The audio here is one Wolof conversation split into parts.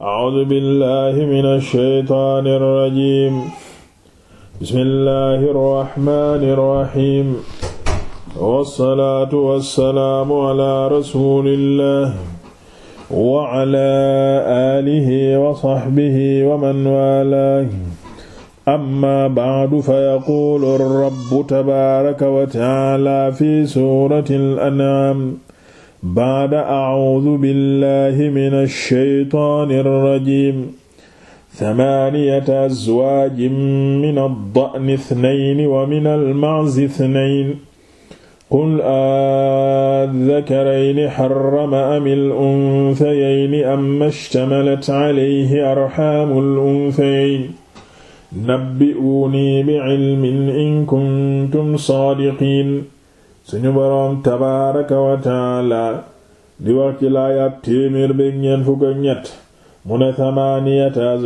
A'uuzu billaahi mina shaytaani rajiim. Bismillaahi rahmaani rahiim. Wassalaatu wassalaamu alaa rasuulillaahi wa alaa aalihi wa sahbihi wa man waalaahi. Amma ba'du fayaquulu rabbu tabaaraka wa ta'aalaa fi suuratil an'aam baada acuudu billahi min alsheytaani alrajim thamaniyata azwaajin min alda'ni ithnayni wa min almaczi ithnayni qul aadhakarayni harrama am alunthayayni amma ishtamalat calayhi arxaamu alunthayayni nabbi'uunii bicilmin in kuntum saadiqiin suñu boroom tabaaraka wa taala di wax ci laayaab téeméer beeg ñeent fukk ak ñett mu ne tamaaniyata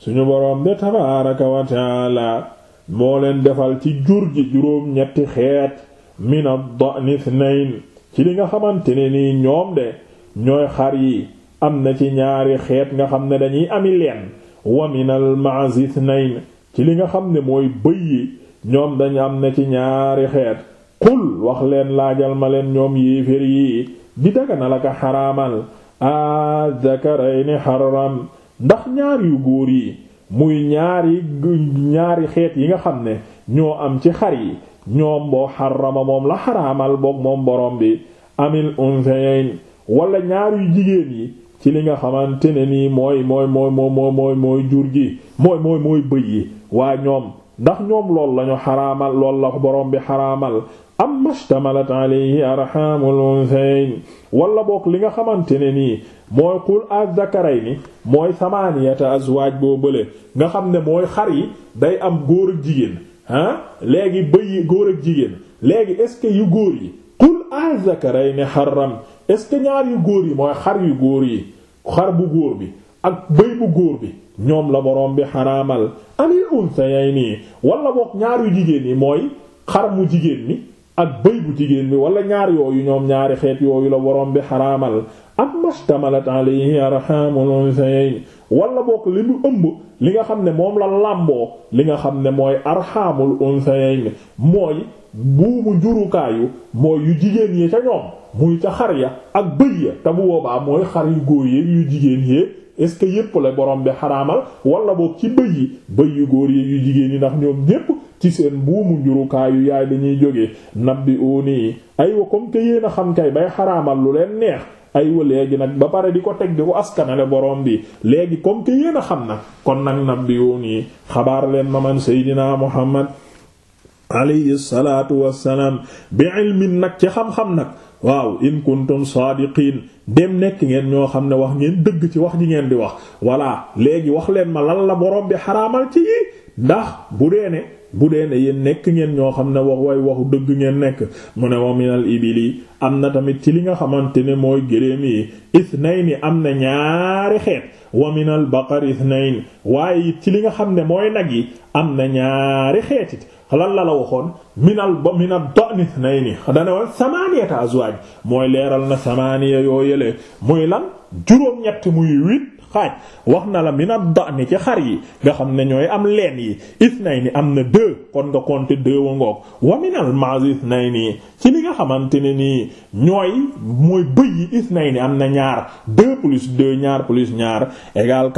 suñu boroom de tabaaraka wa taala moo leen defal ci jur ji juróom ñetti xeet min ad-da'ni ci li nga xamante ne nii ñoom de ñooy xar yi am na ci ñaari xeet nga xam ne dañuy ami leen wa min al ci li nga xam ne mooy bëy yi ñoom dañ am na ci ñaari xeet qul wax leen laajal ma leen ñoom yéefér yi di dagana la ka xaraamal a zakarayni xaram ndax ñaar yu góor yi muy ñaari ñaari xeet yi nga xam ne ñoo am ci xar yi ñoom boo xarama moom la xaraamal boog moom borom bi amil unsayayn wala ñaar yu jigéen yi ci li nga xamante ne nii mooy mooy mooy mooy mooy mooy jur gi mooy mooy yi waa ñoom ndax ñoom lool lañu xaraamal lool la borom bi xaraamal am mashtamalat alayhi arhamul unthayn wala bokk li nga xamante ne nii mooy xul az-zakarayni mooy samaniyata azwaaj boo bële nga xam ne mooy xar yi day am góor ak jigéen ah léegi bëy góor ak jigéen léegi est-ce que yu góor yi xul az-zakarayni xaram est-ce que ñaar yu góor yi mooy xar yu góor yi xar bu góor bi ak bëy bu góor bi ñoom la borom bi xaraamal anil unsayayni wala boog ñaar yu jigéen yi mooy xar mu jigéen ni ak bëy bu jigéen bi wala ñaar yooyu ñoom ñaari xeet yooyu la waroon bi xaraamal ak mashtamalat alayhi arhamul unsayayn wala bokk li mu ëmb li nga xam ne moom la làmboo li nga xam ne mooy arhamul unsayayn mooy buumu jurukaayu mooy yu jigéen yi ca ñoom muy ca xar ya ak bëy ya te bu boobaa mooy xar yu góor yu jigéen yéeg est-ce que yépp la borom bi xaraamal wala boog ci bëy yi bëy yu góor yi yu jigéen yi ndax ñoom ñépp ci seen buumu njurukaayu yaay dañuy jógee nabbi oonii aywa comme que yéen a xam kay bay xaraamal lu leen neex aywa léegi nag ba pare di ko teg di ko askanale borom bi léegi comme que yéen a xam nag kon nag nabbi oonii xabaar leen ma man seydinaa Muhammad alayhi salaatu wassalaam bi ilmin nag ci xam-xam nag waaw in kuntum saadiqiin dem nekk ngeen ñoo xam ne wax ngeen dëgg ci wax ji ngeen di wax walla léegi wax leen ma lan la borom bi xaraamal ci yi ndax bu dee ne bu dee ne yéen nekk ngeen ñoo xam ne wax way waxu dëgg ngeen nekk mu ne wa minal ibili am na tamit ci li nga xamante ne mooy gëléem yi ni am na ñaari xeet wa minal baqar isnayn waaye it ci li nga xam ne mooy nag yi am na ñaari xeet it lan la la waxoon minal ba minal do'n isnayni dana wa samaniyata azwaaj mooy leeral na samaniya yoo yëlee muy lan juróom-ñett muy huit xaaj wax na la mi mina dani ci xar yi nga xam ne ñooy am leen yi ni am na deux kon nga compter deux wa ngook wa minal maaz isnayni ci li nga xamante ne nii ñooy mooy bëy yi isnayni am na ñaar deux plus deux ñaar plus ñaar égal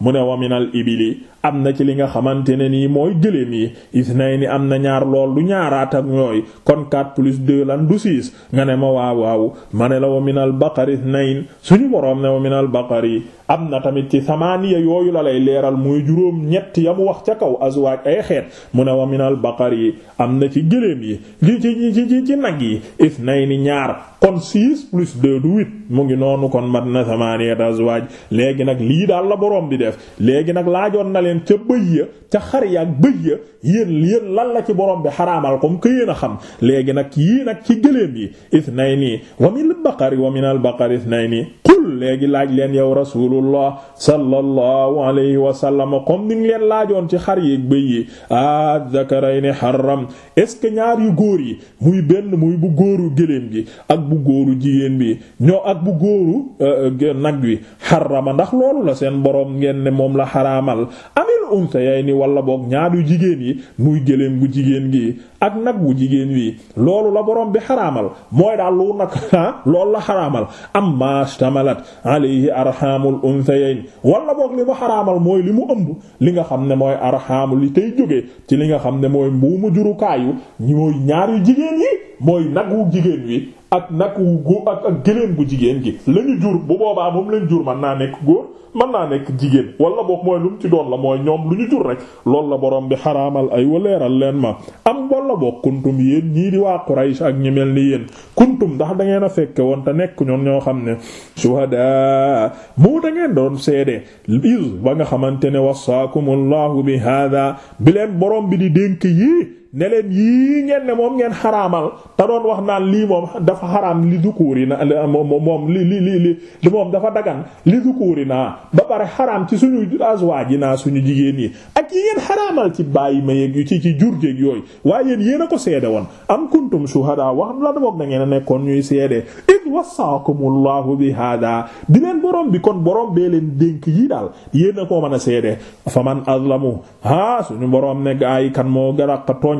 mu ne wa minal ibili am na ci li nga xamante ne nii mooy gëléem yi isnayni am na ñaar lool du ñaaraat ak ñooy kon quatre plus deux lan du six nga ne ma waaw waaw ma ne la wa minal baqari isnayn suñu boroom ne wa minal baqari am na tamit ci samaaniya yooyu la lay leeral muy juróom ñett ya mu wax ca kaw azwaaj ay xeet mu ne wa minal baqar yi am na ci gëléem yi li ci ci ci nag yi isnayni ñaar kon six plus de du huit mu ngi noonu kon mat na samaaniya azwaaj léegi nag lii daal la boroom bi def léegi nag laajoon na leen ca bëy ya ca xar ya ak ya yéen yéen lan la ci boroom bi xaraamal comme que a xam léegi nag yii nag ci gëléem yi isnayni wa minal baqari wa minal baqari isnayni qul léegi laaj leen yow rasul rasulullah sallallahu alayhi wa sallam comme ni nga laajoon ci xar yi yeeg bëy yi ah zakarayni xaram est ce que ñaar yu góor yi muy benn muy bu góoru gëléem gi ak bu góoru jigéen bi ñoo ak bu góoru euh, nag wi xarama ndax loolu la seen boroom ngeen ne moom la xaraamal amil unsayayni wala boog ñaar yu jigéen yi muy gëléem gu jigéen gi ak nag wu jigéen wi loolu la boroom bi xaraamal mooy daal lu nag ah, loolu la xaraamal amma shtamalat alayhi arhamul unsayayn wala boog li mu xaraamal mooy li mu ëmb li nga xam ne mooy arxaamu li tey jógee ci li nga xam ne mooy mbuumu jurukaayu mooy ñaari jigéen yi mooy nagu jigéen wi ak nag wu góor ak ak bu jigéen gi la ñu jur bu boobaa moom lañ jur mën naa nekk góor mën naa nekk jigéen wala boog mooy lu mu ci doon la mooy ñoom lu ñu jur rek loolu la borom bi xaraamal ay waleeral leen ma am wala book kuntum yéen ñii di waa Quraysh ak ñi mel ni yéen kuntum ndax da ngeen a fekke woon te nekk ñoon ñoo xam ne shuhada moo da doon seede is ba nga xamante ne wasaakumullahu bi hada bi leen bi di dénk yi ne leen yii ngeen ne moom ngeen xaraamal te doon wax naan lii moom dafa xaraam li dukkuur yi na moom li li li li moom dafa dagan li dukkuur yi naa ba pare xaraam ci suñu azwaaj yi naa suñu jigéen yi ak yi ngeen xaraamal ci bàyyi ma yeeg yu ci ci jur jéeg yooyu waaye yéen yéen a ko seede woon am kuntum shuhadaa wax la boog da ngeen a nekkoon ñuy seede id wasaakumullahu bi hada di leen borom bi kon borom bee leen dénk yi daal yéen a koo mën a seede faman azlamu ha suñu borom ne gaay kan moo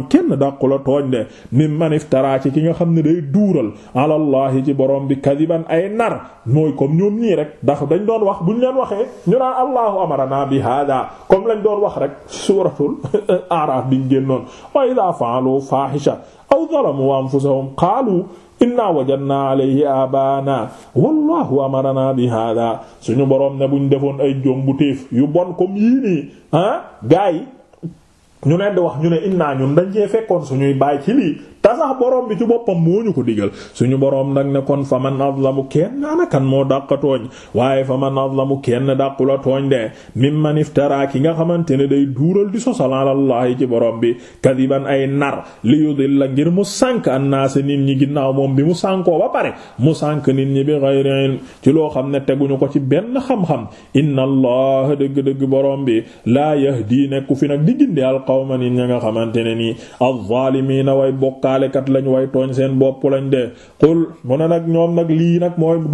maanaam kenn dàqu la tooñ de mim maniftara ci ki nga xam ne day duural alallahi ci borom bi kadiban ay nar mooy comme ñoom ñii rek ndax dañ doon wax bu leen waxee ñu naan allahu amarana bi hada comme lañ doon wax rek suratul araf biñ génnoon wa idha fa'alu fahisha aw zalamu anfusahum qaalu inna wajadna alayhi abana wallahu amarana bi hada suñu borom ne buñ defoon ay jombu téef yu bon comme yii nii ah, gaay ñu leen di wax ñu ne innaa ñun dañ fekkoon suñuy baay ci lii te borom bi ci boppam moo ñu ko digal suñu borom nag ne kon fa man azlamu kenn ana kan moo dàq tooñ waaye fa man azlamu kenn dàqu la tooñ de mimman iftara ki nga xamante ne day duural di sosal alallahi ci borom bi kadiban ay nar li yudil la ngir mu sànk annaas nit ñi ginnaaw moom bi mu sànkoo ba pare mu sànk nit ñi bi ghayrin ci loo xam ne teguñu ko ci benn xam-xam inna allah dëgg borom bi laa yahdi nekku fi nag di qawma nit ña nga xamante ne nii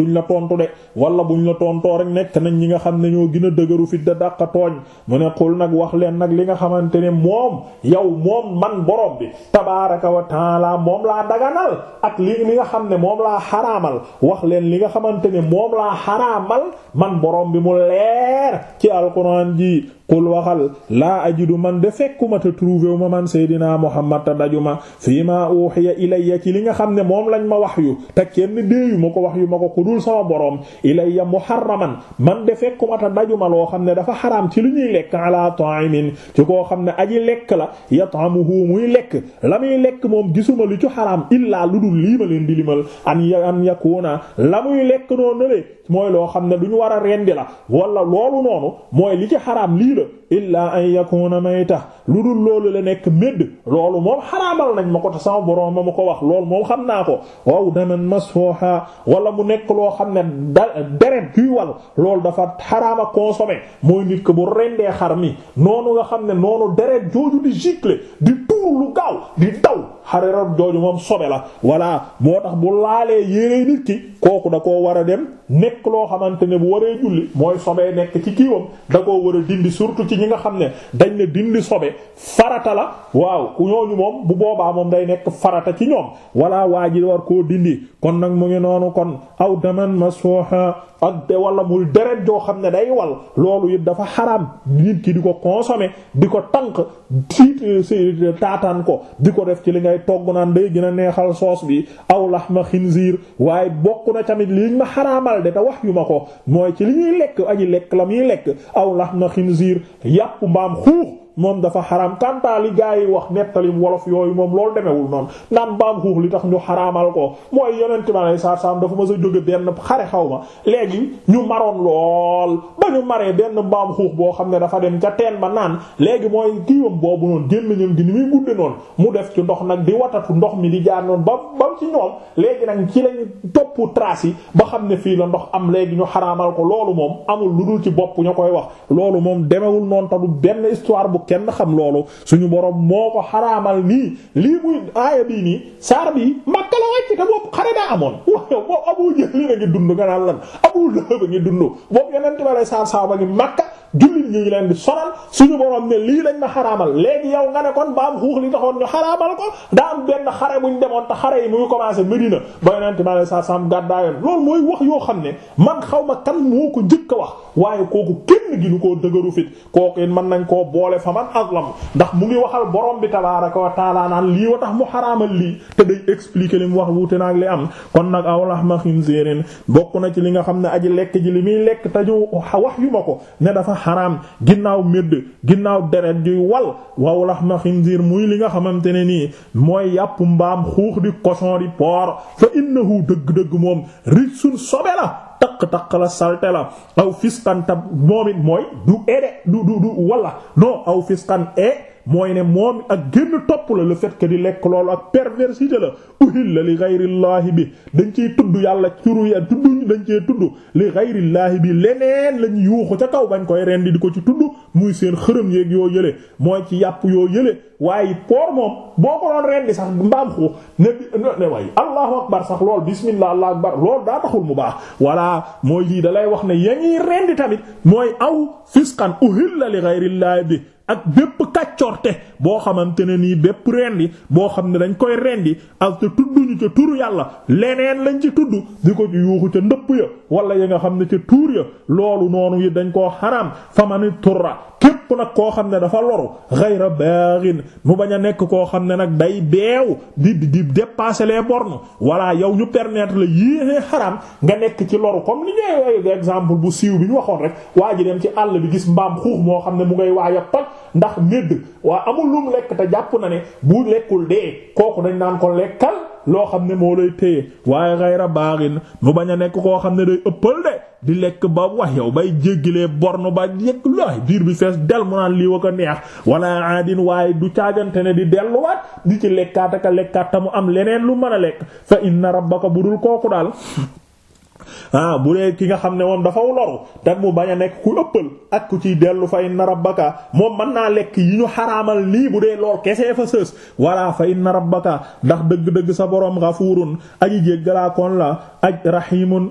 la tontu de wala buñ la tontoo rek nekk nañ nga xam ne ñoo gën a dëgëru da dàq tooñ mu ne qul wax leen nag li nga xamante ne moom yow moom man borom bi tabaaraka wa taala moom laa daganal ak li li nga ne moom laa xaraamal wax leen li nga xamante ne moom laa xaraamal man borom bi mu leer ci alquran ji qul waxal laa ajidu man de fekku nekkuma te trouvé man Seydina Muhammad te dajuma fii ma uhiya ilayya ci li nga xam ne moom lañ ma wax yu te kenn déeyu ma ko wax yu ma ko ku dul sama boroom ilayya muharraman man de fekkuma te dajuma loo xam ne dafa xaraam ci lu ñuy lekk ala ta'imin ci koo xam ne aji lekk la ya yat'amuhu muy lekk la muy lekk moom gisuma li ci xaraam illaa lu dul lii ma leen di limal an an yakuna la muy lekk noonu le mooy loo xam ne duñu war a rendi la wala loolu noonu illaa an yakuna mayta lu dul loolu la nekk médd loolu moom xaraamal nañ ma ko te sama borom ma ma ko wax loolu moom xam naa ko waw daman masfuha wala mu nekk loo xam ne da deret yuy wal loolu dafa xaraama consommer mooy nit ko bu rendee xar mi noonu nga xam ne noonu deret jooju di gicle di tuur lu gaaw di taw xare rab jooju moom sobe la voilà moo tax bu laalee yéree nit ki kooku da ko war a dem nekk loo xamante ne bu waree julli mooy sobee nekk ci kiiwam da koo war a dindi surtout ci ñi nga xam ne dañ ne dindi sobe farata la waaw ku ñooñu moom bu boobaa moom day nekk farata ci ñoom walla waa ji war koo dindi kon nag mu ngi noonu kon aw daman masfuha ak de wala muy deret joo xam ne day wal loolu it dafa xaraam nit ki di ko consommer di ko tànk tiit si euh, euh, taataan ko di ko def ci li ngay togg naan day gën a neexal soos bi aw lahma xinziir waaye bokk bokk na tamit liñ ma xaraamal de te wax yu ma ko mooy ci li ñuy lekk aji lekk la muy lekk aw lax na xinziir yàpp mbaam xuux moom dafa xaraam kantaa li gaa yi wax nettalim wolof yooyu moom loolu demewul noonu naan mbaam xuux li tax ñu xaraamal ko mooy yonent ma lay saar saam dafa mës a jóge benn xare xaw ma léegi ñu maroon lool ba ñu benn mbaam xuux boo xam ne dafa dem ca teen ba naan léegi mooy kiiwam boobu noonu gémmiñam gi ni muy gudde noonu mu def ci ndox nag di watatu ndox mi di jaar ba ba ci ñoom léegi nag ci lañu topp trace yi ba xam ne fii la ndox am léegi ñu xaraamal ko loolu moom amul lu dul ci bopp ñu koy wax loolu moom demewul noonu ta benn histoire bu kenn xam loolu suñu borom moo ko xaraamal nii lii muy aaya bii nii saar bii Makka la wàcc te boobu xare daa amoon waaw boobu Abu Jahl a ngi dund nga naan lan Abu Lahab a ngi saar saaba ngi Makka jullit ñu ngi leen di sonal suñu borom ne lii lañ ma xaraamal léegi yow nga ne kon ba am xuux li taxoon ñu xaraamal ko daa am benn xare buñ demoon te xare yi mu ngi commencé Medina ba yonent bi alei sat salaam gàddaayoon loolu mooy wax yoo xam ne man xaw ma kan moo ko jëkk a wax waaye kooku kenn gi ñu koo dëgëru fit kooku it mën nañ koo boole fa man lam ndax mu ngi waxal borom bi tabaaraka wa taala naan lii wa tax mu xaraamal lii te day expliquer li mu wax wuute naag li am kon nag aw lahma xinzirin bokk na ci li nga xam ne aji lekk ji li muy lekk te ñu wax yu ma xaraam ginnaaw médd ginnaaw deret juy wal waw laxma xinziir muy li nga xamante ne nii mooy yàppu mbaam xuux di cochon di porc fa innahu dëgg-dëgg moom rijsun sobe la taq-taq la salte la aw fiskan moom it mooy du ede du du du wala non aw fiskan e mooy ne moom ak génn topp la le fait que di lekk loolu ak perversité la uhilla li gayrillaahi bi dañ ciy tudd yàlla turu ya tudduñ dañ cee tudd li gayrillaahi bi leneen lañ yuuxu ca kaw bañ koy rendi di ko ci tudd muy seen xërëm yeeg yoo yële mooy ci yàpp yoo yële waaye poor moom boo ko doon rendi sax mbaam xuux ne ne way allahu akbar sax lool bismillah allahu akbar loolu daa taxul mu baax voilà mooy lii da wax ne ya ñuy rendi tamit mooy aw fisqan uhilla li gayrillaahi bi ak bépp kàccorte boo xamante ne nii bépp rendi boo xam ne dañ koy rendi ak te tudduñu ca turu yàlla leneen lañ ci tudd di ko ci yuuxu ca ndëpp ya wala yi nga xam ne ca tuur ya loolu noonu yi dañ koo xaraam famani turra képp képp nag koo xam ne dafa loru ghayra baghin mu bañ a nekk koo xam ne nag day beew di di dépasser les bornes voilà yow ñu permetre la yéenee xaram nga nekk ci loru comme li ñuy exemple bu ñu waxoon rek waa ji dem ci àll bi gis mbaam xuux moo xam ne mu ngay waaya toj ndax médd waa amul lu mu lekk te jàpp na ne bu lekkul dee kooku dañ naan ko lekkal loo xam ne moo lay téye waaye ghayra baghin mu bañ a nekk koo xam ne day ëppal de di lekk ba wax yow bay jéggilee bornu ba yegg laay biir bi fees del mu naan lii wa ko neex wala aadin waaye du caagante ne di delluwaat di ci lekkaat ak lekkaat ta mu am leneen lu mën lekk fa inna rabbaka bu dul kooku daal ah bu dee ki nga xam ne moom dafaw loru te mu bañ a nekk ku ëppal ak ku ciy dellu fa inna rabbaka moom mën naa lekk yi ñu xaraamal nii bu dee lool kese fa sës walla fa inna rabbaka ndax dëgg-dëgg sa borom xafuurun aji jéggalaakoon la aj rahimun